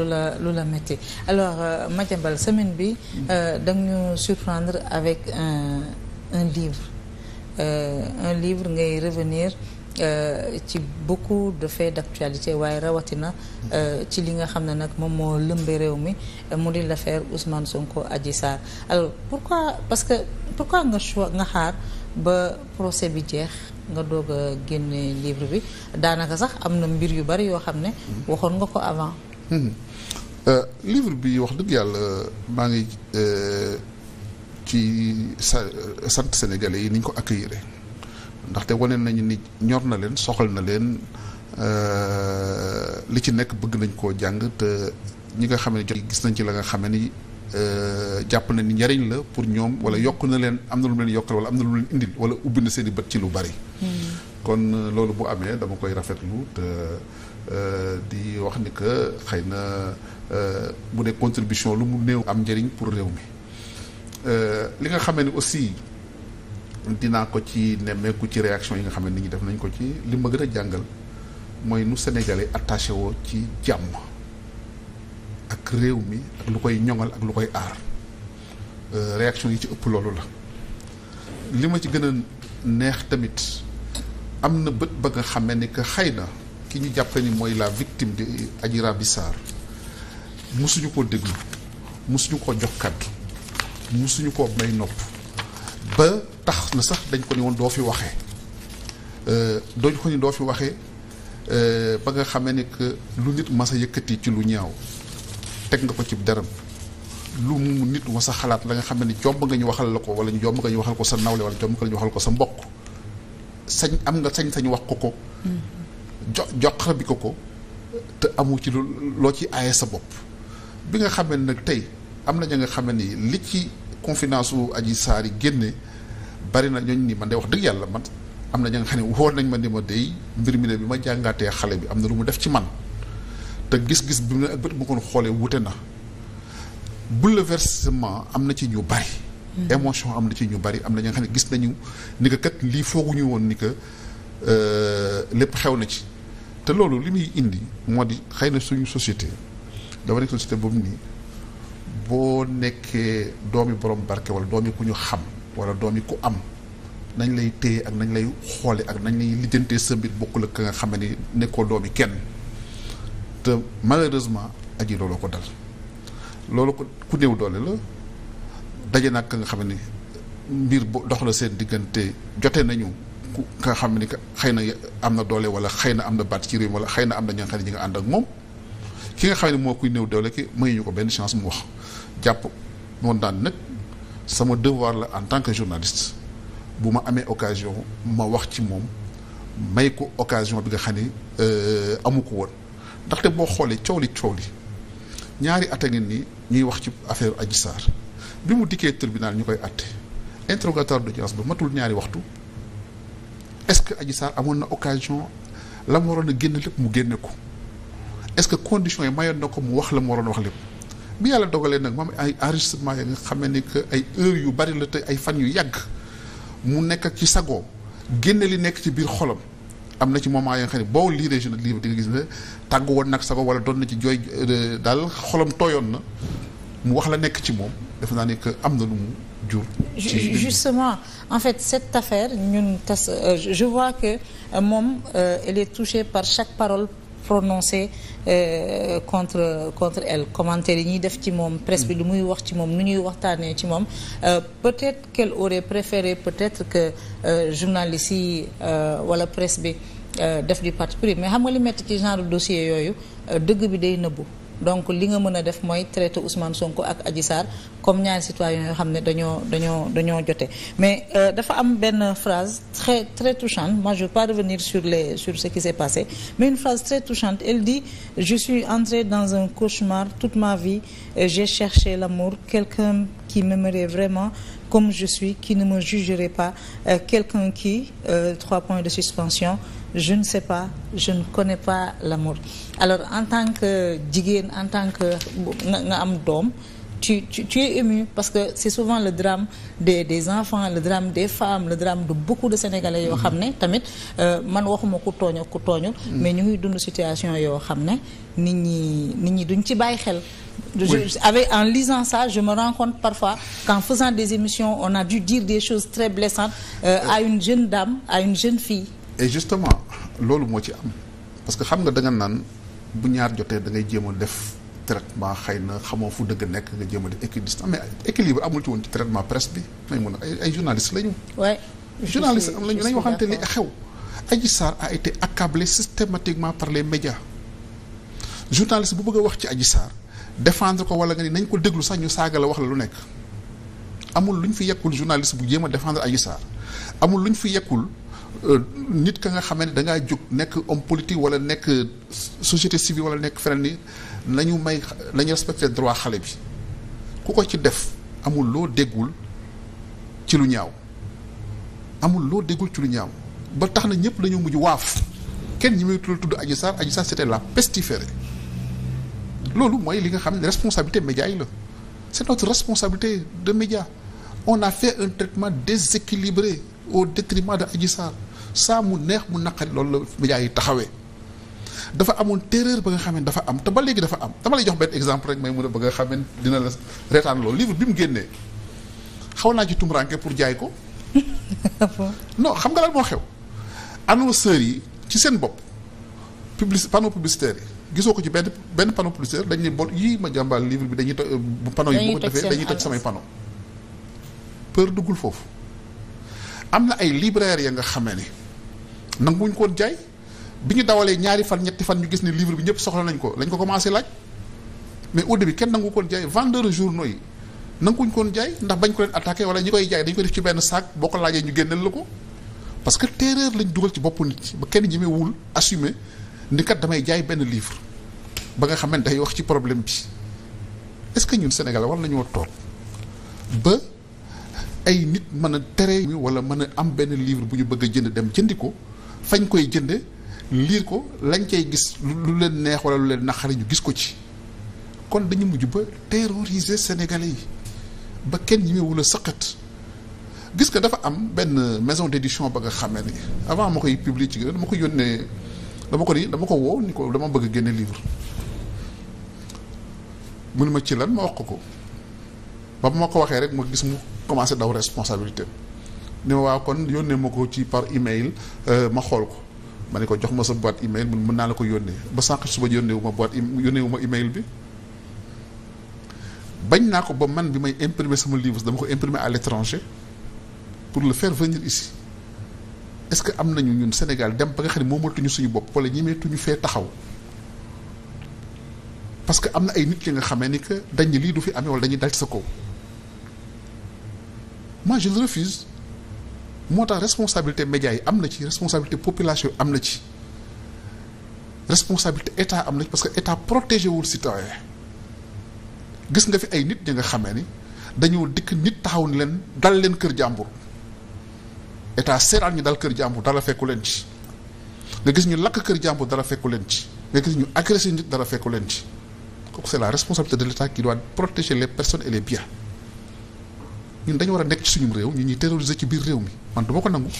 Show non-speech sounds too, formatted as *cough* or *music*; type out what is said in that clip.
lu la lu la métti alors euh, Madiambal semaine bi mm. euh, dañu surprendre avec un un livre euh, un livre ngay revenir euh, ci euh, beaucoup de faits d'actualité waaye rawatina mm. ci li nga xam ne nag moom moo lëmbe réew mi mu di la l'affaire Ousmane Sonko Adji Sarr alors pourquoi parce que pourquoi nga choix nga xaar ba procès bi jeex nga doog a génne livre bi daanaka sax am na mbir yu bari yoo xam ne mm. waxoon nga ko avant. Mm-hmm. Euh, livre bi wax dëgg yàlla euh, maa ngi euh, ci sa sant sénégalais yi ni ñu ko accueillir ndaxte wane nañu nit ñor na leen soxal na leen li ci nekk bëgg nañ koo jàng te ñi nga xam ni jot gis nañ ci la nga xam ni jàpp na ni njariñ la pour ñoom wala yokk na leen am na lu mu leen yokkal wala am na lu leen indil wala ubbi na seen i bët ci lu bari. Hmm. kon loolu bu amee dama koy rafetlu te. Euh, di wax ni que xëy na bu euh, dee contribution lu mu néew am njëriñ pour réew mi euh, li nga xamee ni aussi dinaa ko ci nemmeeku ci réaction yi nga xam ne nit ñi def nañ ko ci li ma gën a jàngal mooy nu Sénégalais attaché woo ci jàmm ak réew mi ak lu koy ñoŋal ak lu koy aar réaction yi ci ëpp loolu la li ma ci gën a neex tamit am na bët ba nga xamee ni que xëy na ki ñu jàppe ni mooy la victime de Adji Raby Sarr musuñu ko déglu musuñu ko jox kàddu musuñu ko may nopp ba tax na sax dañ ko ni woon doo fi waxee euh, dooñ ko ni doo fi waxee euh, ba nga xamee ni que lu nit mas a yëkkati ci lu ñaaw teg nga ko ci deram lu mu nit mas a xalaat la nga xam ni jomb nga ñu waxal la ko wala jomb nga ñu waxal ko sa nawle wala jomb nga ñu waxal ko sa mbokk sañ am nga sañ-sañ wax ko ko mm-hmm. jo jox bi ko ko te amu ci lu loo ci aaye sa bopp bi nga xamee nag tey am na ña nga xamee ni li ci confidence wu aji Sarr yi génne bari na ñooñ ni man de wax dëgg yàlla man am na ña nga xam woo nañ ma ni ma dey mbir mi bi ma jàngaatee xale bi am na lu mu def ci man te gis-gis bi mu ne ak bët mu kon xoolee wute na bouleversement am na ci ñu bari. Mm-hmm. émotion am na ci ñu bari am na ña nga xam ne gis nañu ni kat lii fooguñu woon ni que euh, lépp xew na ci. te loolu li muy indi moo di xëy na suñu société dafa nekk société boobu nii boo nekkee doomi borom barke wala doomi ku ñu xam wala doomi ku am nañ lay téye ak nañ lay xoole ak nañ lay lijjantee sa mbir bokkul ak ka nga xam ne nekkoo doomi kenn te malheureusement aji looloo ko dal loolu ko ku néew doole la daje nag ka nga xam ni mbir dox la seen diggante jote nañu. ku nga xam ne que xëy na am na doole wala xëy na am na baat ci réew wala xëy na am na ñoo xam ne ñi nga ànd ak moom ki nga xam ne moo kuy néew doole ki ñu ko benn chance mu wax jàpp moom daan nag sama devoir la en tant que journaliste bu ma amee occasion ma wax ci moom may ko occasion bi nga xam ne euh, amu ko woon ndaxte boo xoolee coow li coow li ñaari at a ngi nii ñuy wax ci affaire Adji bi mu dikkee tribunal ñu koy atte interrogatoire d'audience ba matul ñaari waxtu est-ce que Adji Sarr amoon na occasion la mu waroon a génn lépp mu génne ko est-ce que conditions yi mayoon na ko mu wax la mu waroon wax lépp bi yàlla dogalee nag moom ay enregistrement yi nga xamee ni que ay yu bari la te ay fan yu yàgg mu nekk ak ci sagoo génne li nekk ci biir xolam am na ci moment yoo xam ne boo lii région lii di gis ne tàggu woon nag sago wala doon na ci jooy euh, daal xolam tooyoon na mu wax la nekk ci moom defe naa ne que am na lu mu jur justement en fait cette affaire ñun tas euh, je vois que euh, moom euh, elle est touchée par chaque parole prononcée contre contre elle commentaire yi ñuy def ci moom presse bi lu muy wax ci moom lu ñuy waxtaanee ci moom peut-être qu'elle aurait préféré peut-être que journaliste yi wala presse bi def du parti pris mais xam nga li metti ci genre dossier yooyu dëgg bi day nëbbu donc li nga mën a def mooy traité Ousmane Sonko ak aji Sarr comme ñaari citoyens yoo xam ne dañoo dañoo dañoo jote mais euh, dafa am benn phrase très très touchante moi je pas revenir sur les sur ce qui s'est passé mais une phrase très touchante elle dit je suis entrée dans un cauchemar toute ma vie j'ai cherché l'amour quelqu'un qui m'aimerait vraiment comme je suis, qui ne me jugerait pas, euh, quelqu'un qui, euh, trois points de suspension, je ne sais pas, je ne connais pas l'amour. Alors en tant que jigéen en tant que nga am doom tu, tu, tu es ému parce que c'est souvent le drame des des enfants le drame des femmes le drame de beaucoup de Sénégalais yoo xam ne tamit euh, man waxuma ku tooñ ak ku tooñul mais ñu ngi dund situation yoo xam ne nit ñi nit ñi duñ ci bàyyi xel je avec en lisant ça je me rends parfois qu'en faisant des émissions on a dû dire des choses très blessantes euh, à une jeune dame à une jeune fille et justement loolu moo ci am parce que xam nga da nga naan bu ñaar jotee da ngay jéem def traitement xëy na xamoo fu dëgg nekk nga jéem a def équidistant mais équilibre amul ci woon ci traitement presse bi may mun ay ay journalistes lañu. waay journaliste am lañu nañu waxante xew. Adji Sarr a été accablé systématiquement par les médias journaliste bu bëgg a wax ci Adji Sarr défendre ko wala nañ ko déglu sax ñu saaga la wax la lu nekk amul lu ñu fi yekkul journaliste bu jéem a défendre Adji Sarr amul lu ñu fi yekkul euh, nit ka nga xamee ne da ngaa jóg nekk homme politique wala nekk société civile wala nekk feneen ni lañu may lañu respecté droit xale bi ku ko ci def amul loo déggul ci lu ñaaw amul loo déggul ci lu ñaaw ba tax na ñëpp dañoo mujj waaf kenn ñi may tudd Adji Sarr Adji Sarr c'était la pestiférée loolu mooy li nga xam ne responsabilité média yi la c'est notre responsabilité de média on a fait un traitement déséquilibré au détriment de Adji Sarr saa mu neex mu naqari loolu la média yi taxawee dafa amoon terreur ba nga xam ne dafa am te ba léegi dafa am dama lay jox benn exemple rek may mun a ba nga xam ne dina la reetaan loolu livre bi mu génnee xaw naa ci tumuraanke pour jaay ko *laughs* non xam nga lan moo xew annonceurs yi ci seen bopp publici panneau publicitaire yi gisoo ko ci benn benn panneau publicitaire dañ ne yii ma jàmbaal livre bi dañuy toj euh, panneau yi bu ko defee dañuy toj samay panneau duggul foofu am na ay libraire ya nga ni ne nanguwuñ ko woon jaay bi ñu dawalee ñaari fan ñetti fan ñu gis ne livre bi ñëpp soxla nañ ko lañ ko commencé laaj mais au bi kenn nangu koon jaay vendeur journaux yi nanguñ koon jaay ndax bañ ko leen attaqué wala ñi koy jaay dañ ko def ci benn saak boo ko laajee ñu génneel la ko parce que terreur lañ dugal ci bopp nit ñi ba kenn ñemewul assumer ni kat damay jaay benn livre ba nga xam ni day wax ci problème bi est-ce que ñun Sénégal war nañoo tool ba ay nit mën a tere wala mën a am benn livre bu ñu bëgg a jënd dem jëndi fañ koy jënde liir ko lañ cay gis lu leen neex wala lu leen naqari ñu gis ko ci kon dañu mujj ba terroriser sénégalais yi ba kenn ñi wula saqat gis nga dafa am benn maison d'édition ba nga xamee ni avant ma koy publier ci gën dama ko yónnee dama ko ni dama ko woo ni ko dama bëgg génne livre mënu ci lan ma wax ko ko ba ma ko waxee rek ma gis mu commencé daw responsabilité ni ma waaw kon yónnee ma ko ci par email euh, ma xool ko ma ne ko jox ma sa boîte email mun mën naa la ko yónnee ba sànq suba yónnee wu ma boîte yónnee wu ma email bi bañ naa ko ba man bi may imprimer sama livre dama ko imprimer à l'étranger pour le faire venir ici est-ce que am nañu ñun Sénégal dem ba nga xam ne moomatuñu suñu bopp wala ñemeetuñu fee taxaw parce que am na ay nit yi nga xame ni que dañ lii du fi amee wala dañuy dal ci sa kaw moi fis moo tax responsabilité médias yi am na ci responsabilité population am na ci responsabilité état am na ci parce que état protégé wul citoyen gis nga fi ay nit ñi nga xamee ni dañoo dikk nit taxawul leen dal leen kër jàmbur état seetaan ñu dal kër jàmbur dara fekku leen ci nga gis ñu lakk kër jàmbur dara fekku leen ci nga gis ñu agressé nit dara fekku leen ci kooku c'est la responsabilité de l'état qui doit protéger les personnes et les biens ñun dañu war a nekk ci suñu réew ñu ñuy terroriser ci biir réew mi man du ma ko nangu.